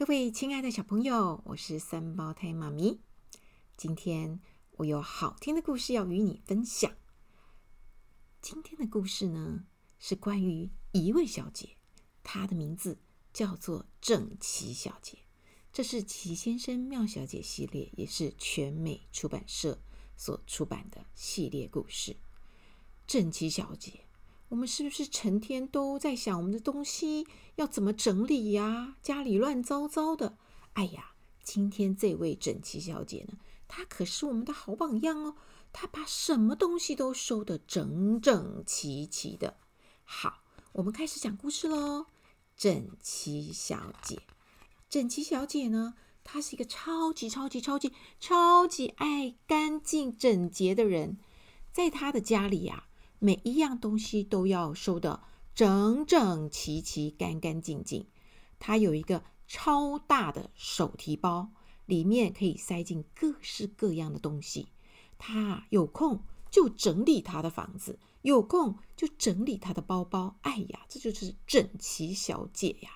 各位親愛的小朋友，我是三胞胎媽咪。今天我有好聽的故事要與你分享。今天的故事呢，是關於一位小姐，她的名字叫做整齊小姐。這是奇先生妙小姐系列，也是全美出版社所出版的系列故事。整齊小姐。我們是不是成天都在想我們的東西要怎麼整理呀？家裡亂糟糟的。哎呀，今天這位整齊小姐呢，她可是我們的好榜樣哦。她把什麼東西都收得整整齊齊的。好，我們開始講故事嘍。整齊小姐，整齊小姐呢，她是一個超級超級超級超級愛乾淨整潔的人，在她的家裡呀。每一樣東西都要收得整整齊齊、干干淨淨。她有一個超大的手提包，裡面可以塞進各式各樣的東西。她有空就整理她的房子，有空就整理她的包包。哎呀，這就是整齊小姐呀！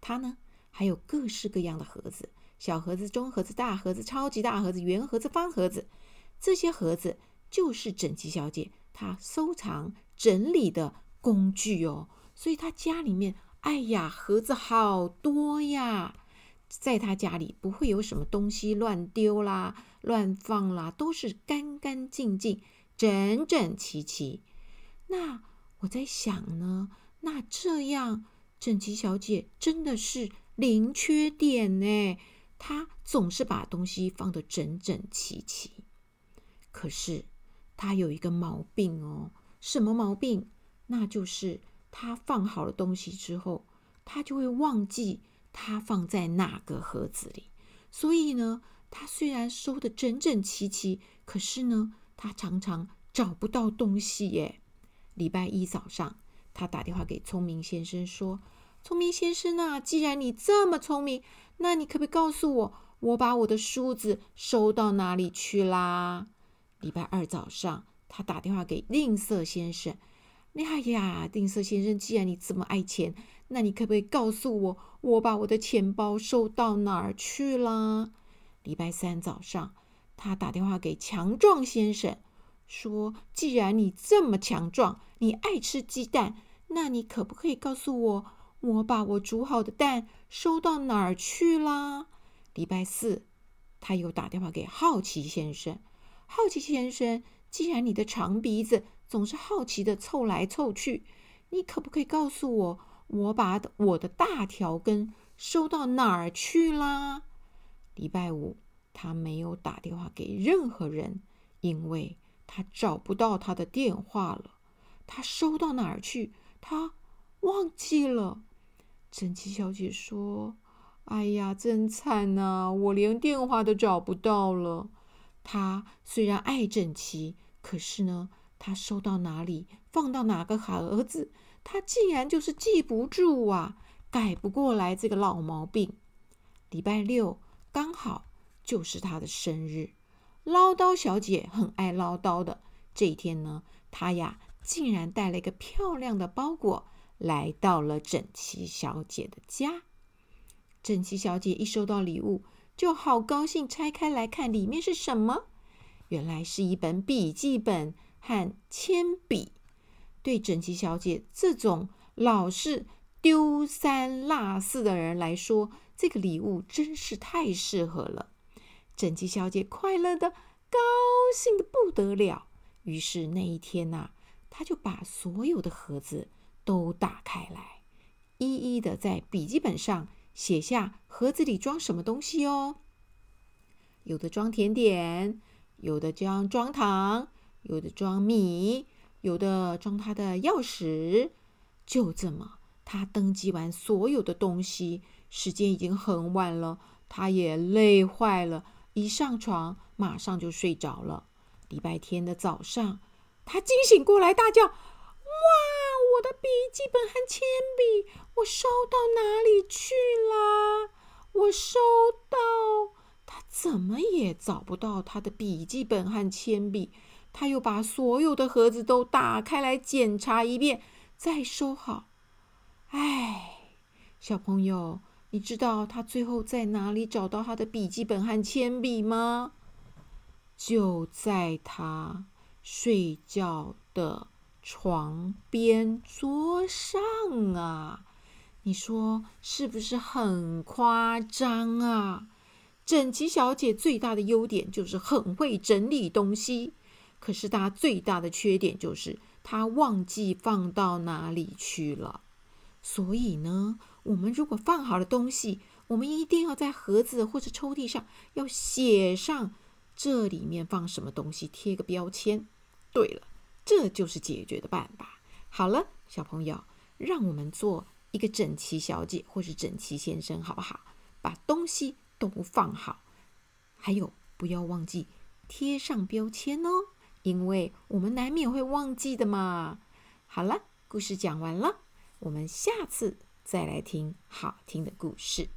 她呢，還有各式各樣的盒子：小盒子、中盒子、大盒子、超級大盒子、圓盒子、方盒子。這些盒子就是整齊小姐，他收藏整理的工具哦，所以他家裡面，哎呀，盒子好多呀，在他家裡不會有什麼東西亂丟啦、亂放啦，都是乾乾淨淨、整整齊齊。那我在想呢，那這樣整齊小姐真的是零缺點呢？她總是把東西放得整整齊齊。可是。他有一個毛病哦，什麼毛病？那就是他放好了東西之後，他就會忘記他放在哪個盒子裡。所以呢，他雖然收的整整齊齊，可是呢，他常常找不到東西耶。禮拜一早上，他打電話給聰明先生說：“聰明先生啊，既然你這麼聰明，那你可不可以告訴我，我把我的梳子收到哪裡去啦？”禮拜二早上，他打電話給吝嗇先生：“哎呀，吝嗇先生，既然你這麼愛錢，那你可不可以告訴我，我把我的錢包收到哪兒去了？”禮拜三早上，他打電話給強壯先生，說：“既然你這麼強壯，你愛吃雞蛋，那你可不可以告訴我，我把我煮好的蛋收到哪兒去啦？”禮拜四，他又打電話給好奇先生。好奇先生，既然你的長鼻子總是好奇的湊來湊去，你可不可以告訴我，我把我的大條根收到哪兒去啦？禮拜五，他沒有打電話給任何人，因為他找不到他的電話了。他收到哪兒去？他忘記了。整齊小姐說：“哎呀，真慘啊！我連電話都找不到了。”他雖然愛整齊，可是呢，他收到哪裡，放到哪個盒子，他竟然就是記不住啊，改不過來這個老毛病。禮拜六剛好就是他的生日，嘮叨小姐很愛嘮叨的，這一天呢，她呀竟然帶了一個漂亮的包裹來到了整齊小姐的家。整齊小姐一收到禮物。就好高興，拆開來看裡面是什麼？原來是一本筆記本和鉛筆。對整齊小姐這種老是丟三落四的人來說，這個禮物真是太適合了。整齊小姐快樂的、高興得不得了。於是那一天呢、啊，她就把所有的盒子都打開來，一一的在筆記本上。寫下盒子裡裝什麼東西哦，有的裝甜點，有的裝糖，有的裝米，有的裝他的鑰匙。就這麼，他登記完所有的東西，時間已經很晚了，他也累壞了，一上床馬上就睡着了。禮拜天的早上，他驚醒過來，大叫：“哇！”我的筆記本和鉛筆，我收到哪裡去啦？我收到他怎麼也找不到他的筆記本和鉛筆。他又把所有的盒子都打開來檢查一遍，再收好。哎，小朋友，你知道他最後在哪裡找到他的筆記本和鉛筆嗎？就在他睡覺的。床邊桌上啊，你說是不是很誇張啊？整齊小姐最大的優點就是很會整理東西，可是她最大的缺點就是她忘記放到哪裡去了。所以呢，我們如果放好了東西，我們一定要在盒子或者抽屜上要寫上這裡面放什麼東西，貼個標籤，對了。這就是解決的辦法。好了，小朋友，讓我們做一個整齊小姐或是整齊先生，好不好？把東西都放好，還有不要忘記貼上標籤哦，因為我們難免會忘記的嘛。好了，故事講完了，我們下次再來聽好聽的故事。